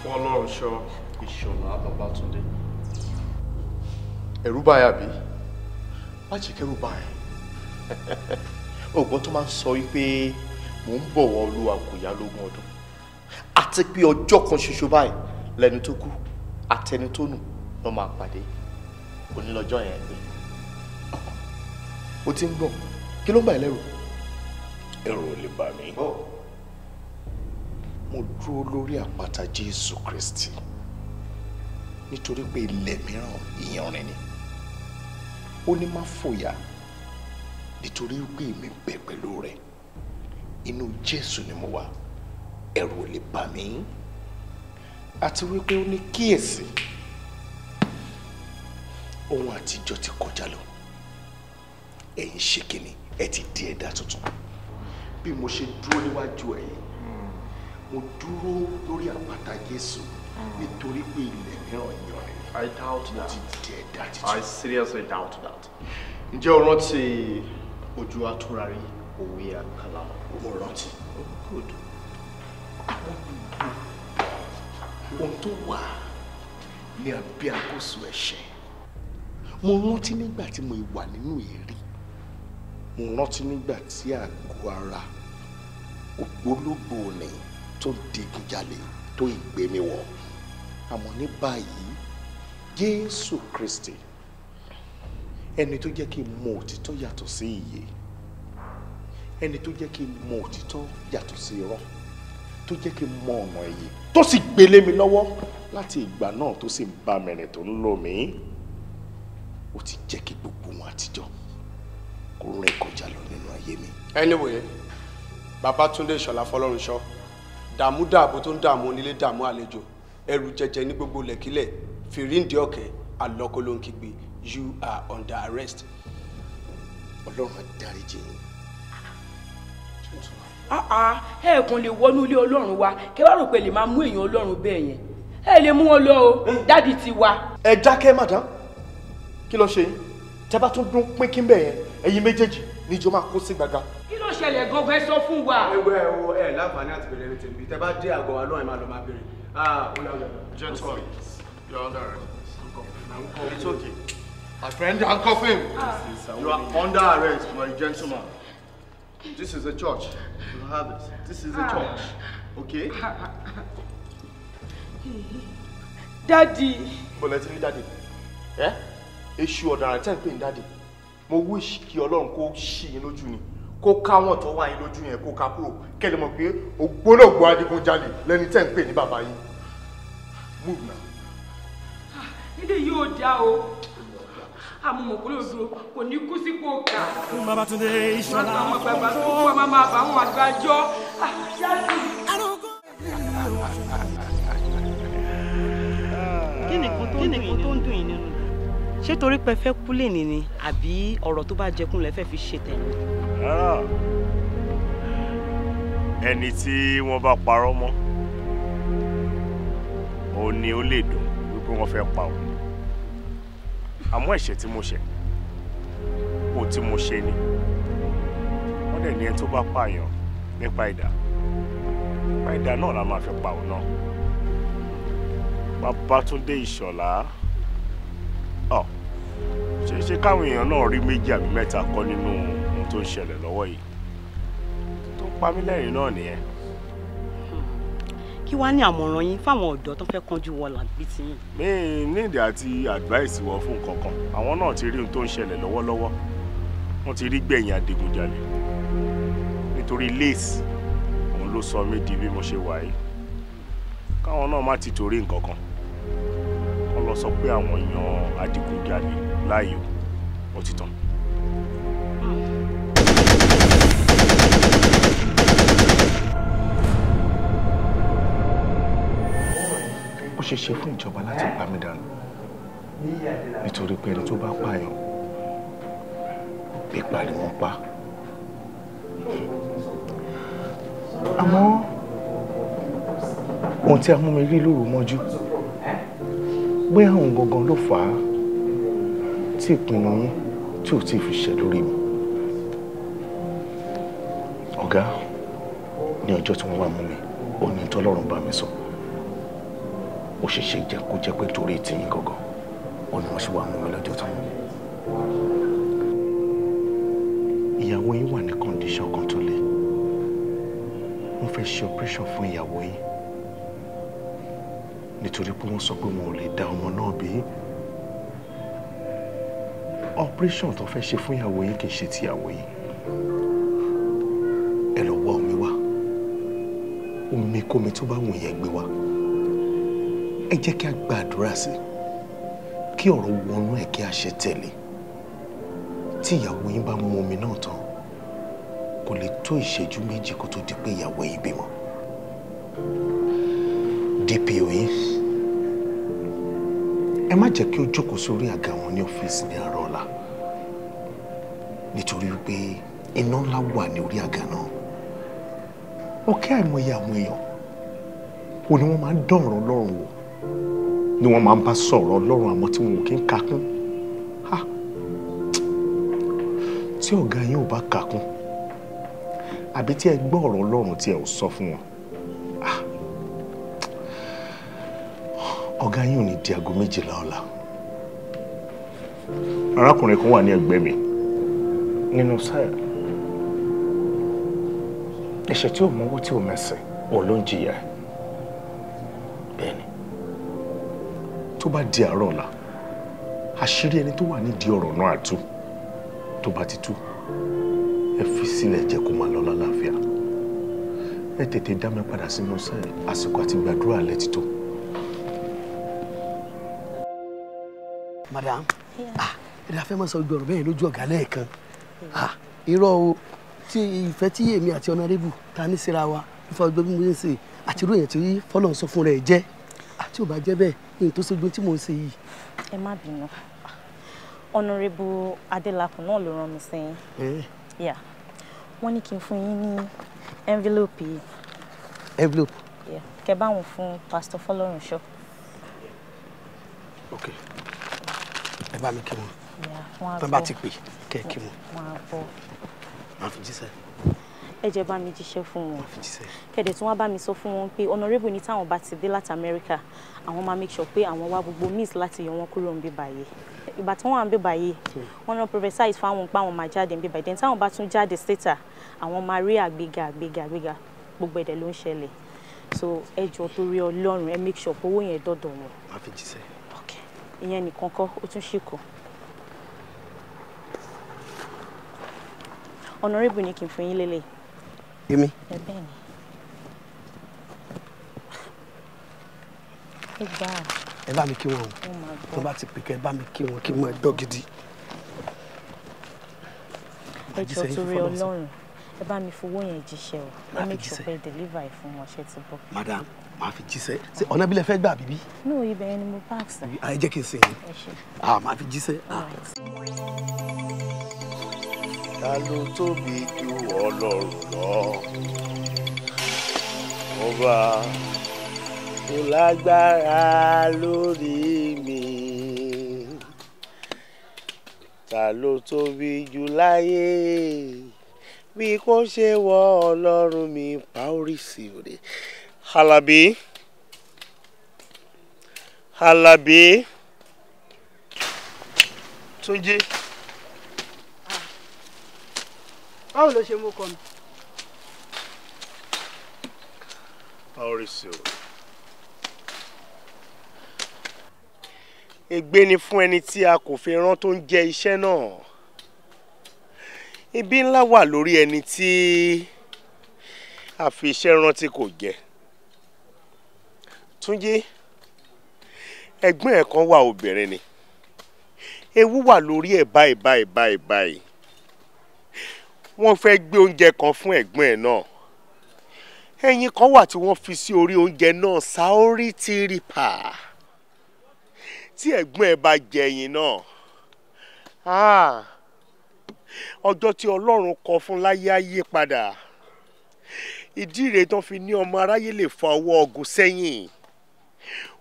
Fọlọ́runṣọ́ Ìṣọ̀lá Babátúndé. ẹ̀rù báyà bí má jẹ́ kẹ́rù báyà ọgbọ́n tó máa ń sọ wípé mò ń bọ̀wọ̀ olúwa kò yá lógún ọdún àti pé ọjọ́ kan ṣoṣo báyìí lẹ́ni tó kú àtẹni tó nù lọ́ máa pàdé onílọ́jọ́ yẹn gbé o ti ń gbọ̀n kí ló ń bà ẹ́ lẹ́rù. ẹ̀rù ò lè bà mí. Oh mo dúró lórí àpáta jésù kristi nítorí pé ilẹ̀ mìíràn ìyanrìn ni ó ní má fòyà nítorí pé èmi bẹ pẹ̀lú rẹ inú jésù ni mo wà ẹ̀rù ò lè bà mí àti wípé ó ní kíyèsí ohun àtijọ́ ti kọjá lọ ẹ̀yin ṣe kíni ẹ ti di ẹ̀dá tuntun bí mo ṣe dúró níwájú ẹ̀yin mo dúró lórí àpáta Jésù ah. nítorí pé ilẹ̀ mìíràn yan ni. I doubt that. I seriously doubt that. ǹjẹ́ o rántí ojú atúrarí òwe àkàlà? mo rántí. Oh, good. àwọn gbogbo ohun tó wà ní abẹ́ àkóso ẹ̀ṣẹ̀ mo rántí nígbà tí mo wà nínú èrí mo rántí nígbà tí àgọ́ ara ògbólógbòó nìyí tó digunjalè tó ìgbémiwọ̀ àmọ́ ní báyìí Jésù Kristi ẹni tó jẹ́ kí mọ òtítọ́ yàtọ̀ sí ìyè ẹni tó jẹ́ kí mọ òtítọ́ yàtọ̀ sí irọ́ tó jẹ́ kí mọ ọ̀nà èyí tó sì gbélé mi lọ́wọ́ láti ìgbà náà tó sì bá mi tó ń lò mí ó ti jẹ́ kí gbogbo wọn àtijọ́ kó rìn kọjá lọ nínú ayé mi. anyway Babátúndé Ìṣọ̀lá Fọlọ́runṣọ́ dààmú dààbò tó ń dààmú onílé dààmú àlejò ẹrù jẹjẹ ní gbogbo lẹ̀kílẹ̀ fìríǹdì ọ̀kẹ́ àlọ́kọ́ ló ń kígbe you are under arrest. ọlọ́run àdáríjì yín. Ah, ah, ẹ̀ẹ̀kan lè wọnú ilé ọlọ́run wa kẹ́ wá rò pé lè máa mú èèyàn ọlọ́run bẹ́ẹ̀ yẹn ẹ lè mú wọn lọ o dádì ti wa. ẹ dákẹ́ madam kí ló ṣe yín tẹ́ bá tún dún pínkín bẹ́ẹ̀ yẹn ẹ̀yin méjèèjì níjọ máa kó sí gbàgà ṣẹlẹ̀ gangan ẹ sọ fún wa. ẹgbẹ́ ẹ ẹ láǹfààní àti bèrè ẹ̀rìn tèmi tẹ́ bá dé àgọ́ wa lọ́rùn ẹ máa lọ máa bèrè. you are under arrest. it's okay. my friend handcuff him. Ah. you are under arrest my gentleman. this is a church you have it this is a ah. church okay. Daddy. But let me, Daddy. Yeah? èṣù ọ̀daràn tẹ́ ń pè Daddy. My wish, wíṣ kí ọlọ́run kó ṣì yín lójú kó káwọn tó wà yín lójú yẹn kó ká kúrò kẹ́ lè mọ̀ pé ògbólógbò adigunjalè lẹni tẹ́ ń pè ní bàbá yín move now. ilé yóò dá o àmọ́ mọ̀ kúrò dúró kò ní kú sípò kà. fún Babátúndé ìṣọ̀lá fún ọmọ bàbá tó kú ọmọ máa bá wọn àgbájọ. kí nìkan tó ń dùn yín nínú ṣé torí pé fẹ́ kú lè nìní àbí ọ̀rọ̀ tó bá jẹkùn lẹ́fẹ̀ẹ́ fi ṣe tẹ̀lé ẹni tí wọ́n bá parọ́ mọ́ òun ni ó lè dùn wípé wọ́n fẹ́ pa òun àmọ́ ẹ̀ṣẹ̀ tí mo ṣẹ̀ kò tí mo ṣe ni wọ́n dẹ̀ ní ẹni tó bá pààyàn nípa ìdá nípa ìdá náà la máa fi pa òun náà Babátúndé Ìṣọ̀lá ọ ṣe ṣe káwọn èèyàn náà rí méjì àbí mẹ́ta kọ́ nínú wọn tó ń ṣẹlẹ̀ lọ́wọ́ yìí tó ń pa mí lẹ́rìn náà nìyẹn. kí wàá ní àmọ̀ràn yín fáwọn ọ̀dọ́ tó fẹ́ kánjú wọlà bí ti yín. mi nídìí àti advice wọn fún kankan àwọn náà ti rí ohun tó ń ṣẹlẹ̀ lọ́wọ́lọ́wọ́ wọ́n ti rí gbẹ̀yìn adigunjalè nítorí lace òun ló sọ mí di bí mo ṣe wà yìí káwọn náà má ti torí nǹkan kan kọ́ lọ sọ pé àwọn èèyàn adigunjalè láàyò ó ti tán. ó ṣe ṣe fún ìjọba láti pa mí dànù nítorí pé ẹni tó bá pààyàn pípa ni wọ́n pa àmọ́ ohun tí a mú mi rí lóru mọ́jú bóyá òun gangan ló fà á tí ìpinnu yín tí ò tí ì fi ṣẹ lórí mi ọ̀gá ní ọjọ́ tí wọ́n wá mú mi ó ní tọ́lọ́run bá mi sọ ṣe ṣe jẹ́ kó jẹ́ pé torí tìyín gangan wọn ni wọ́n ṣe wá mú mi lọ́jọ́ tán. ìyàwó yín wà ní kọ́ndíṣọ̀n kan tó le wọ́n fẹ́ ṣe operation fún ìyàwó yín nítorí pé wọ́n sọ pé wọn ò lè dá ọmọ náà bí operation tó fẹ́ ṣe fún ìyàwó yín kì í ṣe ti ìyàwó yín ẹ lọ wá omi wá omi kómi tó bá wù yẹn gbé wá ẹ jẹ́ kí a gba àdúrà sí kí ọ̀rọ̀ wọnú ẹ̀ kí a ṣe tẹ̀lé tí ìyàwó yín bá mu omi náà tán kò lè tó ìṣẹ́jú méjì kó tó di pé ìyàwó yín bímọ DPO yín ẹ má jẹ́ kí ó jókòó sórí àga wọn ní ọ́fíìsì ní àárọ̀ ọ̀la nítorí pé iná ńlá wà ní orí àga náà ọ̀kẹ́ àìmọye àwọn èèyàn òní wọ́n máa ń dọ̀rọ̀ lọ́rùn wò ni wọ́n máa ń bá sọ̀rọ̀ ọlọ́run àmọ́ tí wọn ò kí ń kakún tí ọ̀gá yín ò bá kakún àbí tí ẹ gbọ́ ọ̀rọ̀ ọlọ́run tí ẹ ò sọ fún wọn ọ̀gá yín ò ní di aago méjìlá ọ̀la arákùnrin kan wà ní ẹ̀gbẹ́ mi nínú sáyà ẹ̀ṣẹ̀ tí ò mọ́wọ́ tí ò mẹsẹ̀ òun ló ń jìyà ẹ̀. tó bá di àárọ̀ ọ̀la àṣírí ẹni tó wà nídìí ọ̀rọ̀ náà àtú tó bá ti tú ẹ fi sílẹ̀ jẹ́ kó máa lọ lálàáfíà ẹ tètè dá mi padà sínú sẹ́ẹ̀ àsìkò àti gbàdúrà alẹ́ ti tó. madam ah ẹ̀dá fẹ́ máa sọ ojú ọ̀rọ̀ bẹ́ẹ̀ lójú ọ̀gá lẹ́ẹ̀kan ah irọ́ o tí ìfẹ́ tí èmi àti ọ̀nàrẹ́bù ta ní síra wa ìfọ̀gbẹ́ bí mo ṣe ń ṣe àtirú yẹn tí fọlọ́n sọ fún rẹ̀ jẹ́ tí ò bá jẹ́ bẹ́ẹ̀ èyí tó ṣojú tí mò ń ṣe yìí. ẹ má bínú ọ̀nàrẹ́bù adélakùn náà ló rán mi sẹ́yìn wọ́n ní kí n fún yín ní envelope yìí. envelope. kẹ bá wọn fún pastor fọlọ́runṣọ́. ok ẹ bá mi kí wọn tán bá ti pè kẹ kí wọn. wọn á bọ. máa fi jíṣẹ́ ẹ jẹ́ bá mi jíṣẹ́ fún wọn kẹ̀dẹ̀ tí wọ́n bá mi sọ fún wọn pé honourable ní táwọn bá ti dé láti Amẹ́ríkà àwọn máa make sure pé àwọn wá gbogbo miss láti yọ wọn kúrò ń bí báyìí ìgbà tí wọ́n wà ń bí báyìí hmm. wọ́n náà prophesize fáwọn pé àwọn máa jáde ń bí báyìí then táwọn bá tún jáde síta àwọn máa rí àgbéga àgbéga àgbéga gbogbo ẹ̀dẹ̀ ló ń ṣẹlẹ̀ so ẹ jọ torí Ọlọ́run ẹ make sure pé owó yẹn dọ̀dọ̀ wọn. máa ìyẹn nìkan kọ́ ó tún ṣì kọ́. ni kì í fún yín lélẹ̀yìí èmi. ẹ bá mi kí wọn o tó bá ti pè kẹ ẹ bá mi kí wọn kí wọn dọ́ gidi. ẹ jọ torí ọlọ́run ẹ bá mi fowó yẹn jíṣẹ́ o ẹ mi jù pé deliver ẹ fún wọn ṣe ti bọ. madam màá fi jíṣẹ́ ṣe ọ̀nà bílẹ̀ fẹ́ gbà bíbí. nù ibẹ̀ ni mo bá sà. ẹ jẹ́ kí n sìn yín ah, màá fi jíṣẹ́. Ah ta ló tóbi ju ọlọ́run lọ. ọba tó lágbára lórí mi. ta ló tóbi jù láyé bí kò ṣe wọ ọlọ́run mi paorisi òde. Alabi Alabi Túnjí. báwo ló ṣe mú kọ mi. àórìṣì o. ni fún ẹni tí a kò fi rán tó ń jẹ iṣẹ́ náà ibi ńlá wà lórí ẹni tí a fi iṣẹ́ rántí kò jẹ túnjí ẹ̀gbọ́n ẹ̀ kan wà obìnrin ni ewu wà lórí ẹ̀ báyìí báyìí báyìí báyìí wọ́n fẹ́ gbé oúnjẹ kan fún ẹ̀gbọ́n ẹ̀ náà ẹyin kan wà tí wọ́n fi sí orí oúnjẹ náà saori tiripa tí ẹ̀gbọ́n ẹ̀ bá jẹ ẹyin náà ah, ọjọ́ tí ọlọ́run kọ fún láyé ayé padà ìdí rèé tán fi ní ọmọ aráyé lè fa ọwọ́ ọgùn sẹ́yìn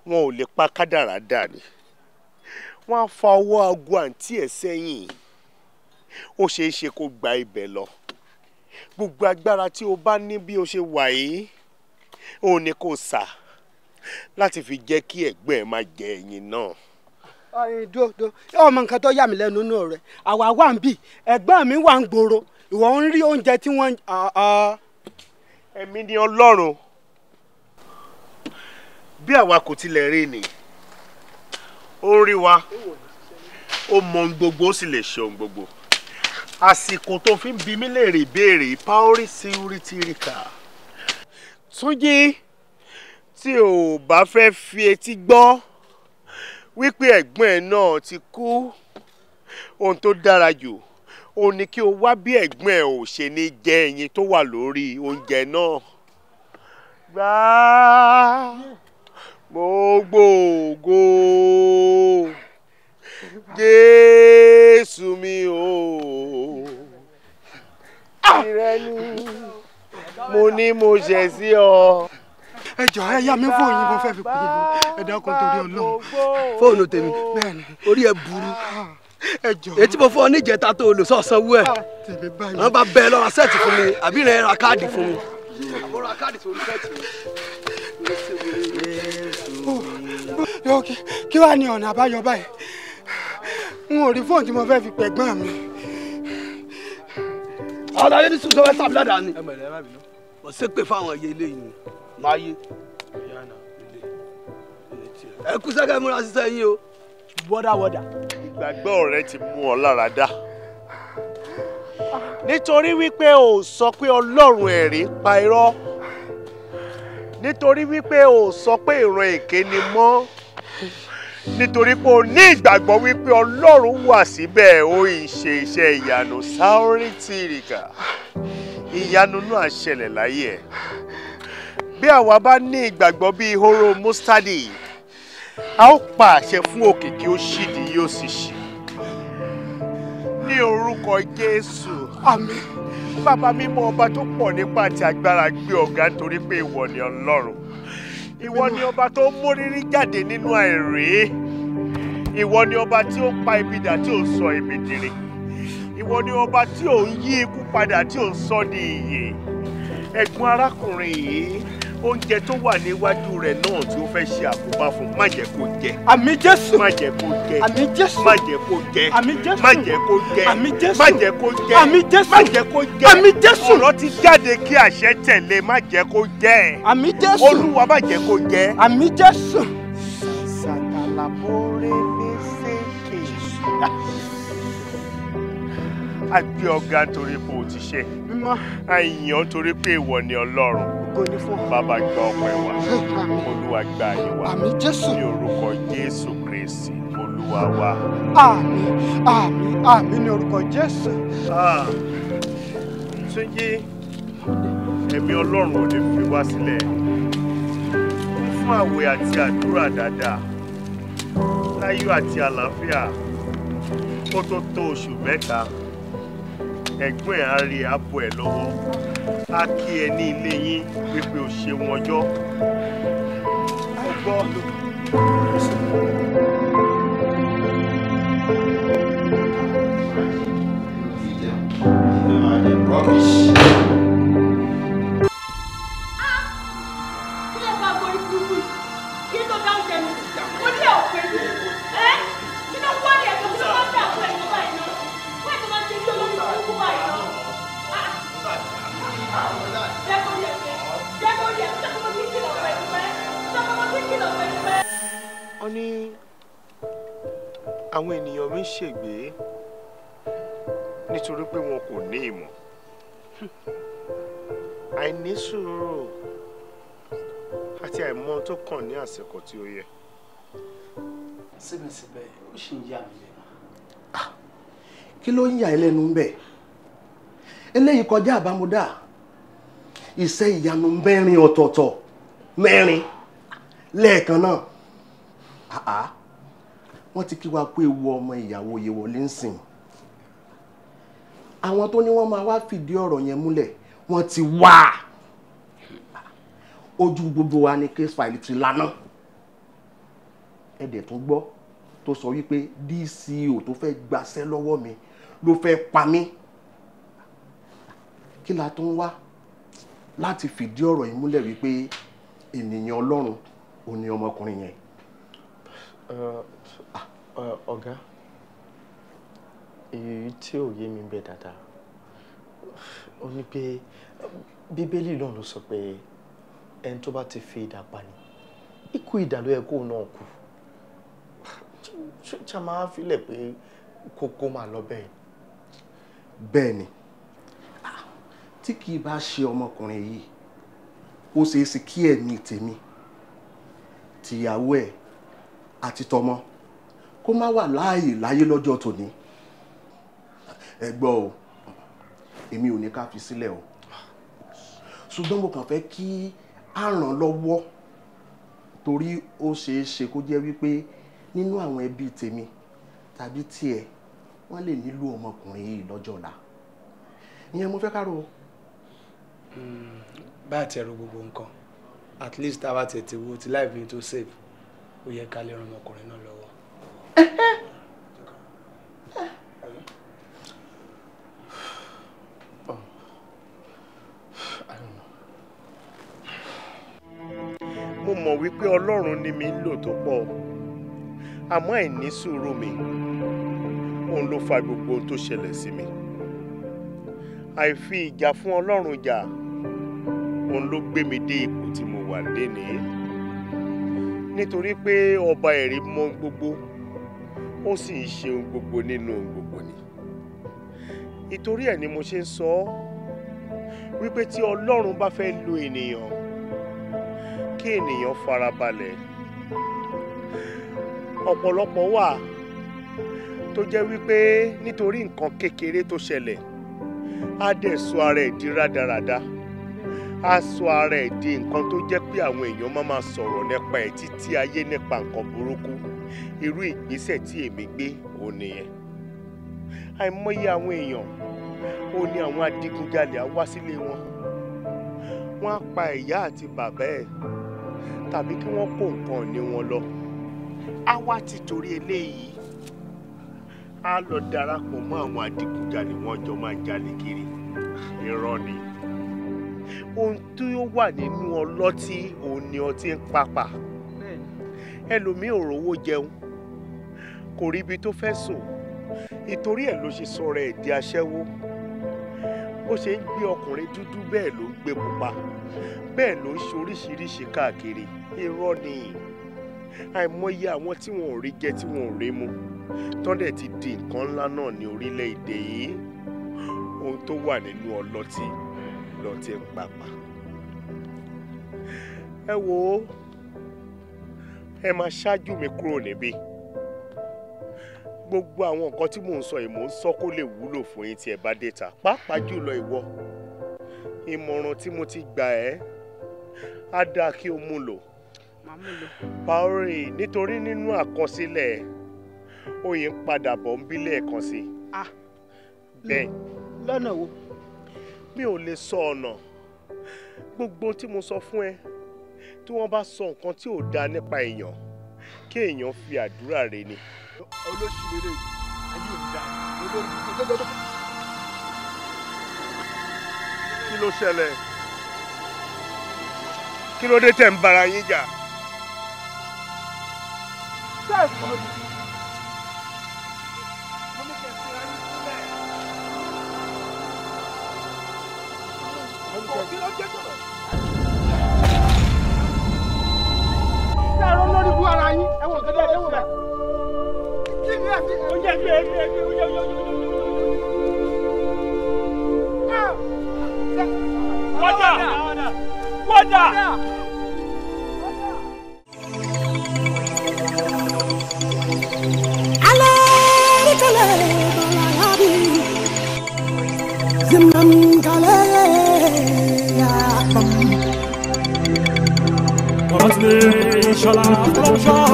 wọn ò lè pa kádàrá dà ní wọ́n á fa ọwọ́ ọgùn àǹtí ẹ̀ sẹ́yìn ó ṣeé ṣe kó gba ibẹ̀ lọ gbogbo agbára tí o bá ní bí o ṣe wà yìí ó ní kó sà láti fi jẹ́ kí ẹ̀gbọ́n ẹ̀ máa jẹ ẹ̀yìn náà. dòdò ọmọ nǹkan tó yà mí lẹ́nu nù rẹ̀ àwa wà ń bì ẹ̀gbọ́n mi wà ń gbòòrò ìwọ ń rí oúnjẹ tí wọ́n. ẹ̀mí ni ọlọ́run bí àwa kò tilẹ̀ rí ni ó rí wa ó mọ gbogbo ó sì lè ṣe gbogbo àsìkò tó fi ń bi mí léèrè ìbéèrè paori sinuriti rika. túnjí tí ò bá fẹ́ fi etí gbọ́ wípé ẹ̀gbọ́n ẹ̀ náà ti kú ohun tó dára jù ó ní kí o wá bí ẹ̀gbọ́n ẹ̀ ò ṣe ní jẹ ẹyin tó wà lórí oúnjẹ náà. gbàá. ṣe sí ọ. ẹ jọ ẹ yá mi fóònù yìí mo fẹ́ fi pè é ẹ dákun torí Ọlọ́run. fóònù tèmi orí ẹ burú ètí mo fún níjẹta tó o lò sọ̀sanwó ẹ̀ ah, wọn bá bẹ lọ́ra sẹ́ẹ̀tì fún mi àbí rẹ ra káàdì fún mi. kí wàá ní ọ̀nà àbáyọ báyìí n ò rí fóònù tí mo fẹ́ fi pẹ̀gbọ́n mi. ọ̀dà yóò ní sùn sọ́wọ́ ni kò sépè fáwọn ẹyẹ ilé yìí máa yé ẹ kú sẹ́kẹ́ múra sísẹ́ yín o wọ́dáwọ́dá. ìgbàgbọ́ rẹ ti mú ọ lára nítorí wípé o sọ pé ọlọ́run ẹ̀rí pa irọ́ nítorí wípé o sọ pé ìran èké ni mọ́ nítorí pé o ní ìgbàgbọ́ wípé ọlọ́run wà síbẹ̀ ó ń ṣe iṣẹ́ ìyanu sáórì tìrìkà ìyanu náà ṣẹlẹ̀ láyé ẹ̀ bí àwa bá ní ìgbàgbọ́ bíi hóró mustadi a ó pa àṣẹ fún òkè kí ó ṣídi yóò sì ṣí ní orúkọ Jésù àmín bàbá mímọ́ ọba tó pọ̀ nípa àti agbára gbé ọ̀gá nítorí pé ìwọ ni Ọlọ́run ìwọ ni ọba tó ń mórírí jáde nínú àìrí ìwọ ni ọba tí ó pa ibi dà tí ó sọ ibi dìrì ìwọ ni ọba tí ò ń yí ikú padà tí ò ń sọ di ìyè ẹ̀gbọ́n arákùnrin yìí oúnjẹ tó wà níwájú rẹ̀ náà tí ó fẹ́ ṣe àkóbá fún má jẹ́ kó jẹ. àmì jésù. má jẹ́ kó jẹ. àmì jésù. má jẹ́ kó jẹ. àmì jésù. má jẹ́ kó jẹ. àmì jésù. má jẹ́ kó jẹ. àmì jésù. má jẹ́ kó jẹ. àmì jésù. ọ̀rọ̀ ti jáde kí àṣẹ tẹ̀lé má jẹ́ kó jẹ. àmì jésù. olúwa má jẹ́ kó jẹ. àmì jésù. sàtàlà bóore ní sèké a gbé ọ̀gá torí pé o ti ṣe mímọ́ a yàn torí pé ìwọ ni ọlọ́run bàbá gba ọpẹ́ wa olúwa gba ayé wa ní orúkọ jésù kristi olúwa wa. àmín àmín àmín ní orúkọ jésù. Ah, túnjí ẹ̀mí ọlọ́run ò lè fi wá sílẹ̀ fún àwẹ̀ àti àdúrà dáadáa láyọ̀ àti àlàáfíà kó tó tó oṣù mẹ́ta ẹ̀gbọ́n ẹ̀ á abo ẹ̀ lọ́wọ́ á kí ẹ ní ilé yín pípé ò ṣe wọn jọ́ Rubbish. wọ́n ní àwọn ènìyàn mi ń ṣègbè nítorí pé wọn kò ní ìmọ̀ àìní sùúrù àti àìmọ̀ tó kàn ní àsìkò tí ó yẹ. síbẹ̀síbẹ̀ ó ṣì ń yà mí lẹ́nu. Ah, kí ló ń yà ẹ́ lẹ́nu ń bẹ̀ eléyìí kọjá àbámúdá iṣẹ́ ìyanu mẹ́rin ọ̀tọ̀ọ̀tọ̀ mẹ́rin lẹ́ẹ̀kan náà àá wọ́n ti kí wa pé ewu ọmọ ìyàwó Yewọlé ń sìn àwọn tó ní wọ́n máa wá fìdí ọ̀rọ̀ yẹn múlẹ̀ wọ́n ti wá ojú gbogbo wa ni case file ti lana ẹ̀dẹ̀ tó gbọ́ tó sọ wípé DCO e tó fẹ́ gbaṣẹ́ lọ́wọ́ mi ló fẹ́ pa mí kí la tó ń wá láti fìdí ọ̀rọ̀ yìí múlẹ̀ wípé ènìyàn ọlọ́run ò ní ọmọkùnrin yẹn. ọ̀gá èyí tí ò yé mi bẹ́ẹ̀ dáadáa ó ní pé bíbélì náà ló sọ pé ẹni tó bá ti fi idà pani ikú idà ló yẹ kó náà kú ṣá máa filẹ̀ pé kókó máa lọ bẹ́ẹ̀. bẹ́ẹ̀ ni tí kì í bá ṣe ọmọkùnrin yìí ó ṣeé ṣe kí ẹ̀mí tèmi tìyàwó ẹ̀ àti tọmọ kó má wà láàyè láyé lọ́jọ́ tòní ẹ o èmi ò ní ká fi sílẹ̀ o ṣùgbọ́n mo kàn fẹ́ kí a ràn lọ́wọ́ torí ó ṣeé ṣe kó jẹ́ wípé nínú àwọn ẹbí tèmi tàbí tiẹ̀ wọ́n lè nílò ọmọkùnrin yìí lọ́jọ́ ọ̀la ìyẹn mo fẹ́ ká rò ó bá àtẹ̀rù gbogbo nǹkan at least tá a bá tètè wo ti life mi tó save ó yẹ ká lè ran ọmọkùnrin náà lọ́wọ́. mo mọ̀ wípé ọlọ́run ni mi ń lò tó pọ̀ àmọ́ àìní sùúrù mi òun ló fa gbogbo ohun tó ṣẹlẹ̀ sí mi àìfi ìjà fún ọlọ́run jà òun ló gbé mi dé ipò tí mo wà lénìí nítorí pé ọba ẹ̀rí mọ gbogbo ó sì ń ṣe ohun gbogbo nínú ohun gbogbo ni ìtorí ẹ̀ ni mo ṣe ń sọ ọ́ wípé tí ọlọ́run bá fẹ́ lo ènìyàn kí ènìyàn farabalẹ̀ ọ̀pọ̀lọpọ̀ wà tó jẹ́ wípé nítorí nǹkan kékeré tó ṣẹlẹ̀ A dẹ̀ sọ ara ẹ̀ di rádaràda á sọ ara ẹ̀ di nǹkan tó jẹ́ pé àwọn èèyàn máa máa sọ̀rọ̀ nípa ẹ̀ títí ayé nípa nǹkan burúkú irú ìgbésẹ̀ tí èmi gbé òun nìyẹn àìmọye àwọn èèyàn ó ní àwọn adigunjalè á wá sílé wọn wọ́n á pa ìyá àti bàbá ẹ̀ tàbí kí wọ́n kó nǹkan ní wọn lọ á wá ti torí eléyìí á lọ darapọ̀ mọ́ àwọn adigunjalè wọn jọ máa jalè kiri irọ́ ni ohun tí ó wà nínú ọlọ́tí òun ni ọtí ń papà ẹlòmíì ò rówó jẹun kò rí ibi tó fẹ́ sùn ìtorí ẹ̀ ló ṣe sọ̀rọ̀ ẹ̀ di aṣẹ́wó ó ṣe ń gbé ọkùnrin dúdú bẹ́ẹ̀ ló ń gbé pupa bẹ́ẹ̀ ló ń ṣe káàkiri irọ́ ni àìmọye àwọn tí wọn ò rí jẹ tí wọn ò rí mu tọ́lẹ̀ ti di nǹkan ńlá náà ní orílẹ̀-èdè yìí ohun tó wà nínú ọlọ́tí lọ́tí ń papà. ẹ wo ẹ máa ṣáájú mi kúrò níbí gbogbo àwọn nǹkan tí mò ń sọ yìí mò ń sọ kó lè wúlò fún yín tí ẹ bá dé ta pàápàá jùlọ ìwọ ìmọ̀ràn tí mo ti gbà ẹ́ á dáa kí o mú lò. màá mú lò. paori nítorí nínú àkọsílẹ̀ ẹ̀ oyè ń padà bọ̀ ń bílẹ̀ kan sí. Ah. bẹ́ẹ̀ lọ́nà wo. mi ò lè sọ ọ̀nà gbogbo tí mo sọ fún ẹ tí wọ́n bá sọ nǹkan tí ò dáa nípa èèyàn kí èèyàn fi àdúrà rẹ̀ ni. olóṣèlérè ayé ò dáa kí ló ṣẹlẹ̀ kí ló dé tẹ̀ ń bára yín jà. bẹ́ẹ̀ kọ́ ẹ̀rọ lórí bu ara yín ẹ̀wọ̀n kẹ́kẹ́ ẹ̀wọ̀n bẹ̀. kí ni ẹ fi oúnjẹ fi ẹ fi ẹ fi oúnjẹ oúnjẹ oúnjẹ. wọ́dà wọ́dà. ṣọlá fọlọ́ṣọ́.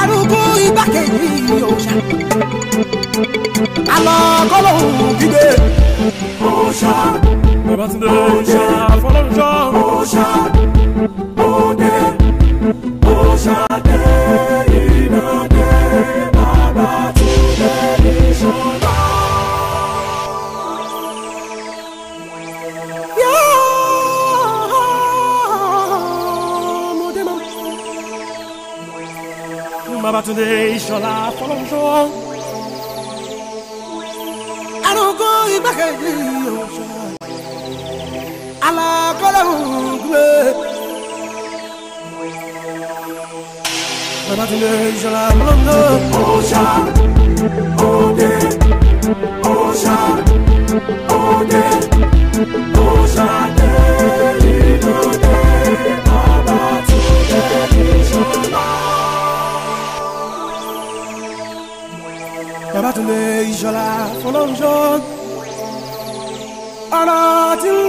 arúgbó igbákejì òòṣà alọ́ kọ́lọ́hún kígbe. òòṣà òòṣà fọlọ́ṣọ́. òòṣà. I don't go Babatunde Ìṣọ̀lá Fọlọ́runṣọ́. Arúgbó ìgbákejì òòṣà. Alákọ̀ọ́lẹ̀ òògbé. Babatunde Ìṣọ̀lá Fọlọ́runṣọ́. Òòṣà òde òòṣà òde òòṣà. Aratile ijola folonjo Aratile